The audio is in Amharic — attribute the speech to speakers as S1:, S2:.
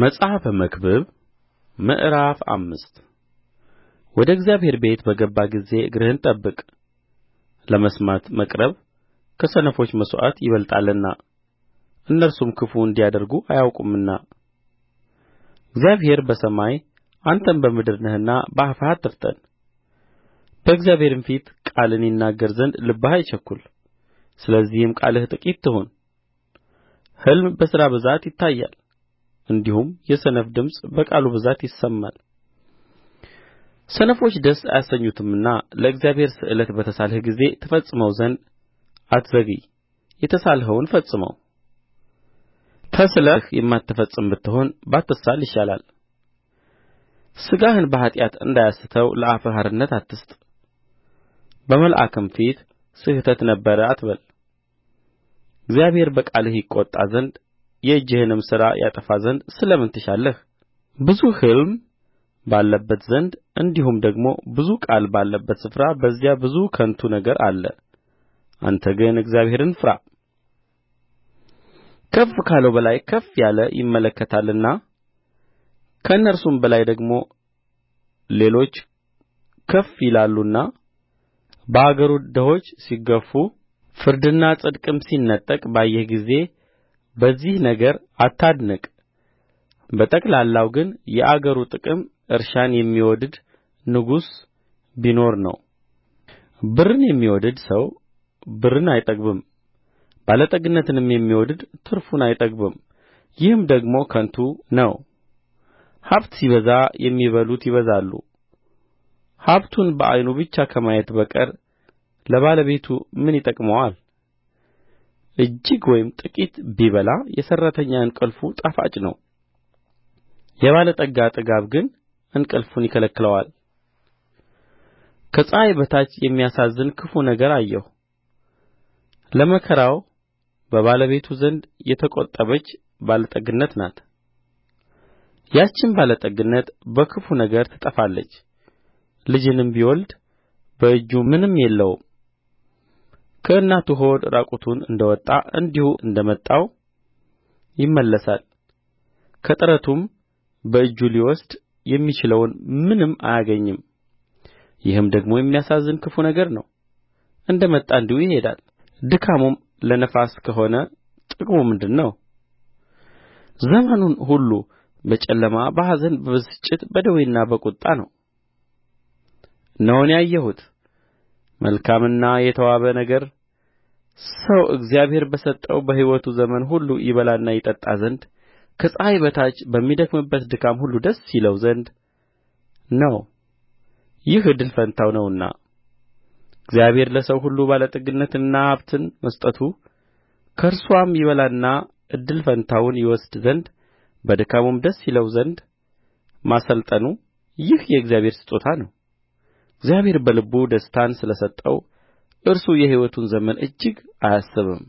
S1: መጽሐፈ መክብብ ምዕራፍ አምስት ወደ እግዚአብሔር ቤት በገባ ጊዜ እግርህን ጠብቅ ለመስማት መቅረብ ከሰነፎች መሥዋዕት ይበልጣልና እነርሱም ክፉ እንዲያደርጉ አያውቁምና እግዚአብሔር በሰማይ አንተም በምድር ነህና በአፍህ አትፍጠን በእግዚአብሔርም ፊት ቃልን ይናገር ዘንድ ልብህ አይቸኵል ስለዚህም ቃልህ ጥቂት ትሁን ሕልም በሥራ ብዛት ይታያል እንዲሁም የሰነፍ ድምፅ በቃሉ ብዛት ይሰማል ሰነፎች ደስ አያሰኙትምና ለእግዚአብሔር ስእለት በተሳልህ ጊዜ ትፈጽመው ዘንድ አትዘግይ የተሳልኸውን ፈጽመው ተስለህ የማትፈጽም ብትሆን ባትሳል ይሻላል ሥጋህን በኃጢአት እንዳያስተው ለአፍህ አርነት አትስጥ በመልአክም ፊት ስሕተት ነበረ አትበል እግዚአብሔር በቃልህ ይቈጣ ዘንድ የእጅህንም ሥራ ያጠፋ ዘንድ ስለ ምን ትሻለህ ብዙ ሕልም ባለበት ዘንድ እንዲሁም ደግሞ ብዙ ቃል ባለበት ስፍራ በዚያ ብዙ ከንቱ ነገር አለ አንተ ግን እግዚአብሔርን ፍራ ከፍ ካለው በላይ ከፍ ያለ ይመለከታልና ከእነርሱም በላይ ደግሞ ሌሎች ከፍ ይላሉና በአገሩ ድሆች ሲገፉ ፍርድና ጽድቅም ሲነጠቅ ባየህ ጊዜ በዚህ ነገር አታድንቅ በጠቅላላው ግን የአገሩ ጥቅም እርሻን የሚወድድ ንጉሥ ቢኖር ነው ብርን የሚወድድ ሰው ብርን አይጠግብም ባለጠግነትንም የሚወድድ ትርፉን አይጠግብም ይህም ደግሞ ከንቱ ነው ሀብት ሲበዛ የሚበሉት ይበዛሉ ሀብቱን በዓይኑ ብቻ ከማየት በቀር ለባለቤቱ ምን ይጠቅመዋል እጅግ ወይም ጥቂት ቢበላ የሠራተኛ እንቅልፉ ጣፋጭ ነው የባለጠጋ ጥጋብ ግን እንቅልፉን ይከለክለዋል ከፀሐይ በታች የሚያሳዝን ክፉ ነገር አየሁ ለመከራው በባለቤቱ ዘንድ የተቈጠበች ባለጠግነት ናት ያችም ባለጠግነት በክፉ ነገር ትጠፋለች ልጅንም ቢወልድ በእጁ ምንም የለውም ከእናቱ ሆድ ራቁቱን እንደ ወጣ እንዲሁ እንደ መጣው ይመለሳል ከጥረቱም በእጁ ሊወስድ የሚችለውን ምንም አያገኝም ይህም ደግሞ የሚያሳዝን ክፉ ነገር ነው እንደ መጣ እንዲሁ ይሄዳል ድካሙም ለነፋስ ከሆነ ጥቅሙ ምንድር ነው ዘመኑን ሁሉ በጨለማ በኀዘን በብስጭት በደዌና በቍጣ ነው እነሆ እኔ መልካምና የተዋበ ነገር ሰው እግዚአብሔር በሰጠው በሕይወቱ ዘመን ሁሉ ይበላና ይጠጣ ዘንድ ከፀሐይ በታች በሚደክምበት ድካም ሁሉ ደስ ይለው ዘንድ ነው ይህ እድል ፈንታው ነውና እግዚአብሔር ለሰው ሁሉ ባለጠግነትንና ሀብትን መስጠቱ ከእርስዋም ይበላና እድል ፈንታውን ይወስድ ዘንድ በድካሙም ደስ ይለው ዘንድ ማሠልጠኑ ይህ የእግዚአብሔር ስጦታ ነው እግዚአብሔር በልቡ ደስታን ስለ ሰጠው እርሱ የሕይወቱን ዘመን እጅግ አያስብም